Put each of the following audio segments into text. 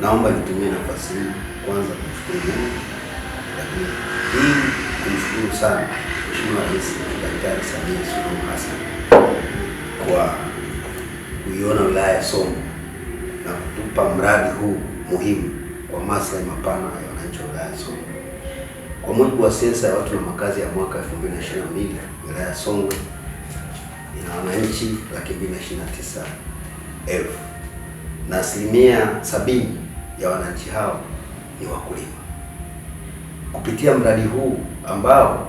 Naomba nitumie nafasi hii kwanza kumshukuru Mungu, lakini hii kumshukuru sana Mheshimiwa Rais Daktari Samia Suluhu Hassan kwa kuiona wilaya ya Songwe na kutupa mradi huu muhimu kwa maslahi mapana ya wananchi wa wilaya ya Songwe. Kwa mujibu wa sensa ya watu na makazi ya mwaka 2022 wilaya ya Songwe ina wananchi laki mbili na ishirini na tisa elfu na asilimia sabini ya wananchi hao ni wakulima. Kupitia mradi huu ambao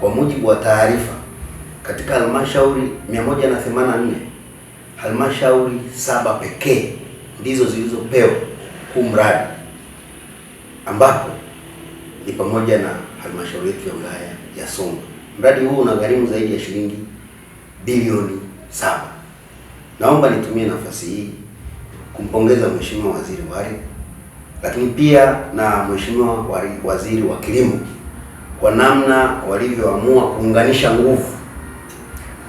kwa mujibu wa taarifa katika halmashauri 184 halmashauri saba pekee ndizo zilizopewa huu mradi ambapo ni pamoja na halmashauri yetu ya wilaya ya Songwe. Mradi huu una gharimu zaidi ya shilingi bilioni saba. Naomba nitumie nafasi hii kumpongeza Mheshimiwa Waziri wa Ardhi lakini pia na Mheshimiwa Waziri wa Kilimo kwa namna walivyoamua kuunganisha nguvu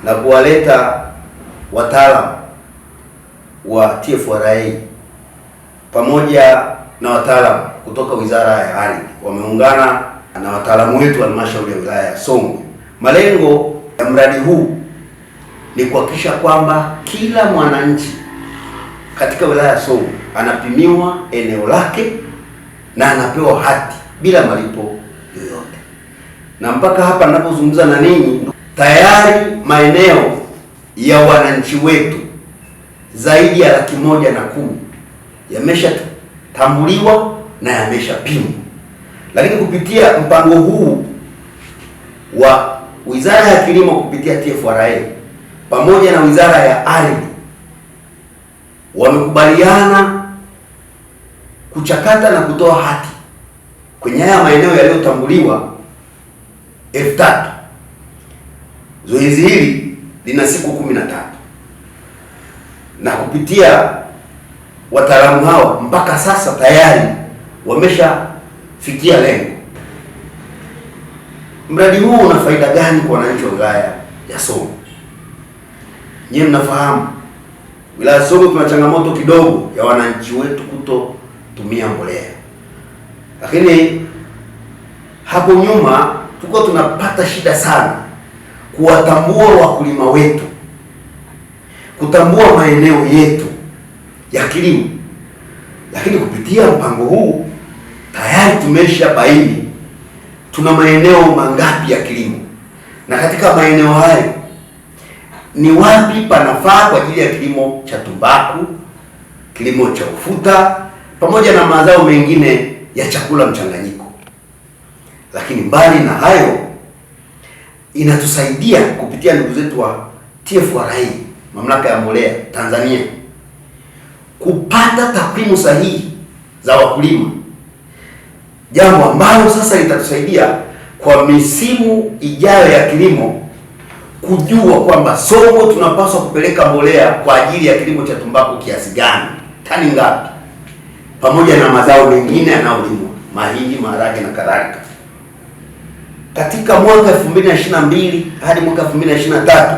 na kuwaleta wataalamu wa TFRA pamoja na wataalamu kutoka Wizara ya Ardhi wameungana na wataalamu wetu wa halmashauri ya wilaya ya Songwe. Malengo ya mradi huu ni kuhakikisha kwamba kila mwananchi katika wilaya ya Songwe anapimiwa eneo lake na anapewa hati bila malipo yoyote, na mpaka hapa ninapozungumza na ninyi, tayari maeneo ya wananchi wetu zaidi ya laki moja na kumi yameshatambuliwa na yameshapimwa, lakini kupitia mpango huu wa Wizara ya Kilimo kupitia TFRA pamoja na Wizara ya Ardhi wamekubaliana kuchakata na kutoa hati kwenye haya maeneo yaliyotambuliwa elfu tatu. Zoezi hili lina siku kumi na tatu na kupitia wataalamu hao mpaka sasa tayari wameshafikia lengo. Mradi huu una faida gani kwa wananchi wa wilaya ya Songwe? Nyiwe mnafahamu Wilaya Songwe kuna changamoto kidogo ya wananchi wetu kutotumia mbolea, lakini hapo nyuma tulikuwa tunapata shida sana kuwatambua wakulima wetu, kutambua maeneo yetu ya kilimo, lakini kupitia mpango huu tayari tumesha baini tuna maeneo mangapi ya kilimo na katika maeneo hayo ni wapi panafaa kwa ajili ya kilimo cha tumbaku, kilimo cha ufuta pamoja na mazao mengine ya chakula mchanganyiko. Lakini mbali na hayo, inatusaidia kupitia ndugu zetu wa TFRA, mamlaka ya mbolea Tanzania, kupata takwimu sahihi za wakulima, jambo ambalo sasa litatusaidia kwa misimu ijayo ya kilimo kujua kwamba sogo tunapaswa kupeleka mbolea kwa ajili ya kilimo cha tumbaku kiasi gani, tani ngapi, pamoja na mazao mengine yanayolimwa mahindi, maharage na kadhalika. Katika mwaka 2022 hadi mwaka 2023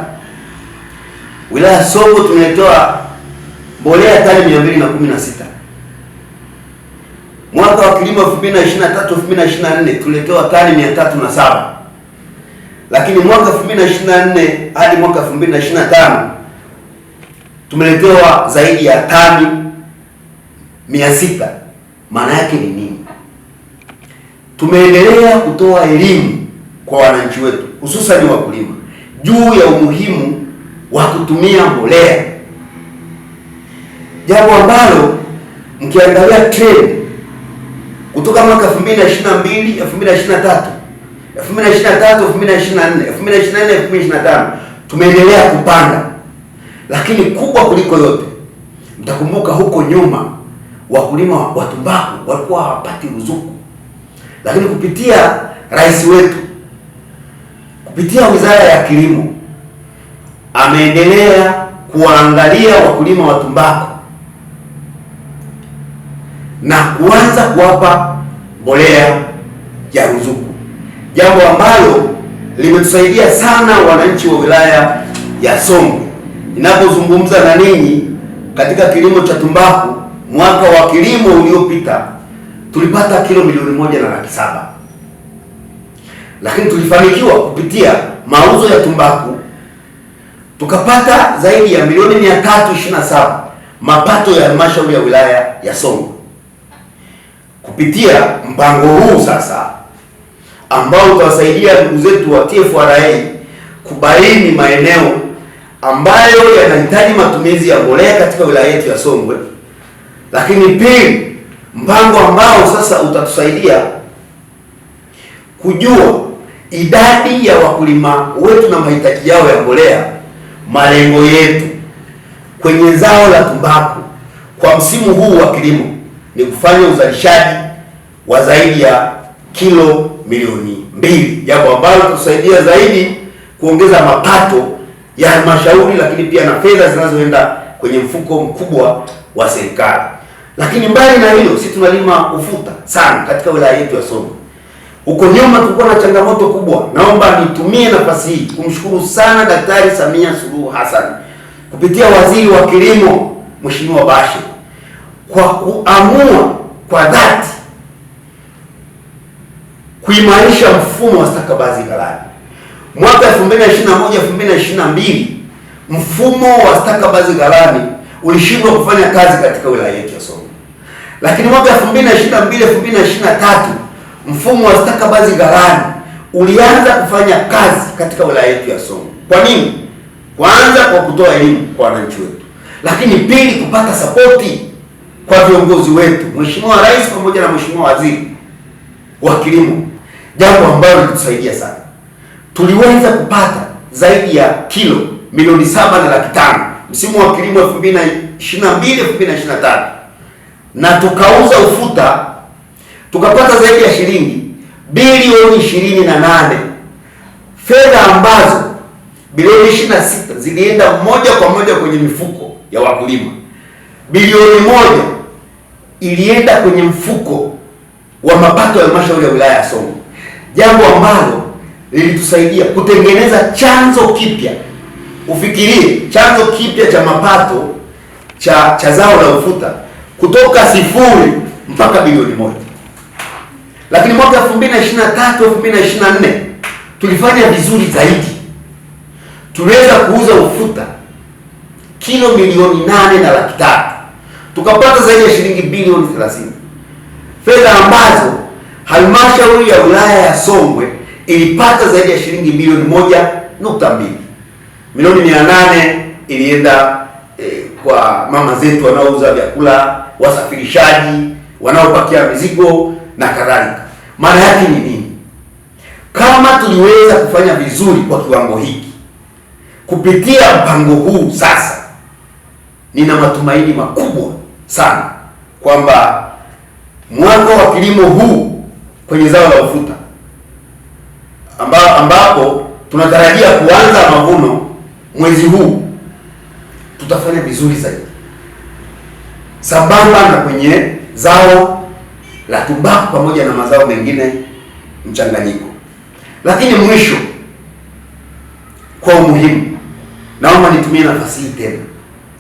wilaya Songwe tumetoa mbolea tani 216. Mwaka wa kilimo 2023 2024 tulitoa tani 307 lakini mwaka 2024 hadi mwaka 2025 tumeletewa zaidi ya tani 600. Maana yake ni nini? Tumeendelea kutoa elimu kwa wananchi wetu ni wakulima juu ya umuhimu wa kutumia mbolea, jambo ambalo mkiangalia trend kutoka mwaka 2022 2023 2023, tumeendelea kupanda, lakini kubwa kuliko yote, mtakumbuka huko nyuma wakulima wa tumbaku walikuwa hawapati ruzuku, lakini kupitia rais wetu, kupitia wizara ya kilimo ameendelea kuwaangalia wakulima wa tumbaku na kuanza kuwapa mbolea ya ruzuku jambo ambalo limetusaidia sana wananchi wa wilaya ya Songwe. Ninapozungumza na ninyi katika kilimo cha tumbaku, mwaka wa kilimo uliopita tulipata kilo milioni moja na laki saba, lakini tulifanikiwa kupitia mauzo ya tumbaku tukapata zaidi ya milioni saba mapato ya halmashauri ya wilaya ya Songwe kupitia mpango huu sasa ambao utawasaidia ndugu zetu wa TFRA kubaini maeneo ambayo yanahitaji matumizi ya mbolea katika wilaya yetu ya Songwe. Lakini pili, mpango ambao sasa utatusaidia kujua idadi ya wakulima wetu na mahitaji yao ya mbolea, malengo yetu kwenye zao la tumbaku kwa msimu huu wa kilimo ni kufanya uzalishaji wa zaidi ya kilo milioni mbili, jambo ambalo kusaidia zaidi kuongeza mapato ya halmashauri, lakini pia na fedha zinazoenda kwenye mfuko mkubwa wa serikali. Lakini mbali na hilo, sisi tunalima ufuta sana katika wilaya yetu ya Songwe. Huko nyuma tulikuwa na changamoto kubwa. Naomba nitumie nafasi hii kumshukuru sana Daktari Samia Suluhu Hassan kupitia waziri wa kilimo Mheshimiwa Bashe kwa kuamua kwa dhati kuimarisha mfumo wa stakabadhi ghalani. Mwaka 2021 2022 mfumo wa stakabadhi ghalani ulishindwa kufanya kazi katika wilaya yetu ya Songwe, lakini mwaka 2022 2023 mfumo wa stakabadhi ghalani ulianza kufanya kazi katika wilaya yetu ya Songwe. Kwa nini? Kwanza kwa kutoa elimu kwa wananchi wetu, lakini pili kupata sapoti kwa viongozi wetu, Mheshimiwa Rais pamoja na Mheshimiwa Waziri wa Kilimo jambo ambalo lilitusaidia sana. Tuliweza kupata zaidi ya kilo milioni saba na laki tano msimu wa kilimo 2022 2023, na tukauza ufuta tukapata zaidi ya shilingi bilioni 28, fedha ambazo bilioni 26 zilienda moja kwa moja kwenye mifuko ya wakulima, bilioni moja ilienda kwenye mfuko wa mapato ya halmashauri ya wilaya ya Songwe jambo ambalo lilitusaidia kutengeneza chanzo kipya. Ufikirie chanzo kipya cha mapato cha cha zao la ufuta kutoka sifuri mpaka bilioni moja. Lakini mwaka 2023 2024 tulifanya vizuri zaidi, tuliweza kuuza ufuta kilo milioni nane na laki tatu tukapata zaidi ya shilingi bilioni 30 fedha ambazo Halmashauri ya wilaya ya Songwe ilipata zaidi ya shilingi milioni moja nukta mbili milioni mia nane ilienda eh, kwa mama zetu wanaouza vyakula, wasafirishaji, wanaopakia mizigo na kadhalika. Maana yake ni nini? Kama tuliweza kufanya vizuri kwa kiwango hiki kupitia mpango huu, sasa nina matumaini makubwa sana kwamba mwaka wa kilimo huu kwenye zao la ufuta amba, ambapo tunatarajia kuanza mavuno mwezi huu, tutafanya vizuri zaidi, sambamba na kwenye zao la tumbaku pamoja na mazao mengine mchanganyiko. Lakini mwisho kwa umuhimu, naomba nitumie nafasi hii tena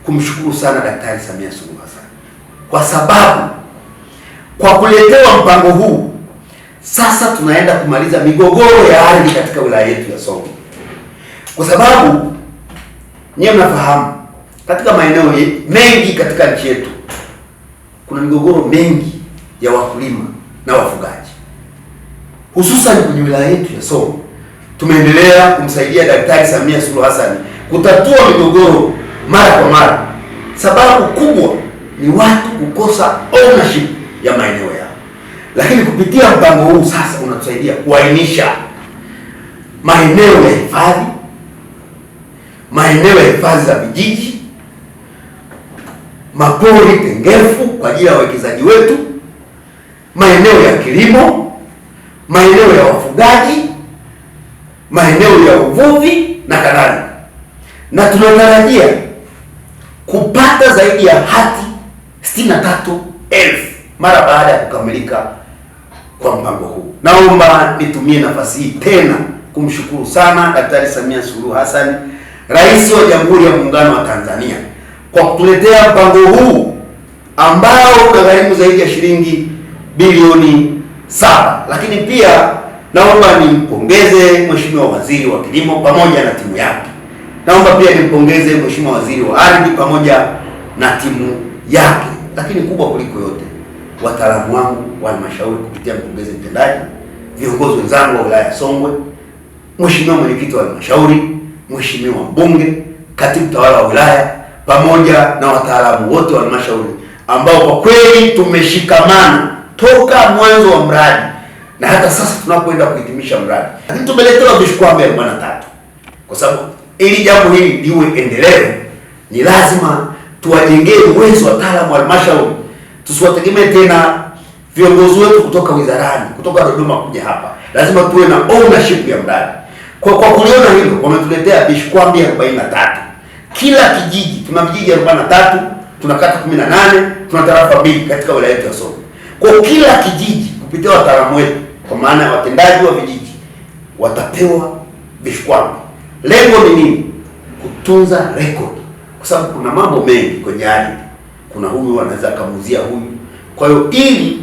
kumshukuru sana Daktari Samia Suluhu Hassan kwa sababu kwa kuletewa mpango huu sasa tunaenda kumaliza migogoro ya ardhi katika wilaya yetu ya Songwe, kwa sababu nyewe mnafahamu katika maeneo mengi katika nchi yetu kuna migogoro mengi ya wakulima na wafugaji, hususan kwenye wilaya yetu ya Songwe. Tumeendelea kumsaidia Daktari Samia Suluhu Hassan kutatua migogoro mara kwa mara. Sababu kubwa ni watu kukosa ownership ya maeneo yao lakini kupitia mpango huu sasa unatusaidia kuainisha maeneo ya hifadhi, maeneo ya hifadhi za vijiji, mapori tengefu kwa ajili ya wawekezaji wetu, maeneo ya kilimo, maeneo ya wafugaji, maeneo ya uvuvi na kadhalika, na tunatarajia kupata zaidi ya hati sitini na tatu elfu mara baada ya kukamilika kwa mpango huu. Naomba nitumie nafasi hii tena kumshukuru sana Daktari Samia Suluhu Hassan, Rais wa Jamhuri ya Muungano wa Tanzania kwa kutuletea mpango huu ambao unagharimu zaidi ya shilingi bilioni saba. Lakini pia naomba nimpongeze Mheshimiwa Waziri wa Kilimo pamoja na timu yake. Naomba pia nimpongeze Mheshimiwa Waziri wa Ardhi pamoja na timu yake, lakini kubwa kuliko yote wataalamu wangu wa halmashauri kupitia mkurugenzi mtendaji, viongozi wenzangu wa wilaya ya Songwe, mheshimiwa mwenyekiti wa halmashauri, mheshimiwa mbunge, katibu tawala wa wilaya, pamoja na wataalamu wote wa halmashauri ambao kwa kweli tumeshikamana toka mwanzo wa mradi na hata sasa tunapoenda kuhitimisha mradi, lakini tumeletewa mbele mwana tatu, kwa sababu ili jambo hili liwe endelevu, ni lazima tuwajengee uwezo wataalamu wa halmashauri tusiwategemee tena viongozi wetu kutoka wizarani kutoka Dodoma kuja hapa, lazima tuwe na ownership ya mradi. Kwa kwa kuliona hilo, wametuletea vishkwambi 43 kila kijiji. Tuna vijiji 43, tuna kata 18, tuna tarafa mbili katika wilaya yetu ya Songwe. Kwa kila kijiji kupitia wataalamu wetu, kwa maana ya watendaji wa vijiji, watapewa vishkwambi. Lengo ni nini? Kutunza record, kwa sababu kuna mambo mengi kwenye ardhi kuna huyu anaweza akamuuzia huyu. Kwa hiyo ili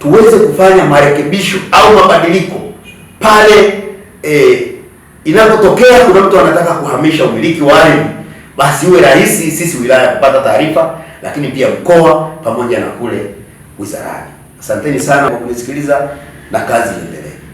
tuweze kufanya marekebisho au mabadiliko pale eh, inapotokea kuna mtu anataka kuhamisha umiliki wa ardhi, basi iwe rahisi sisi wilaya kupata taarifa, lakini pia mkoa pamoja na kule wizarani. Asanteni sana kwa kunisikiliza na kazi iendelee.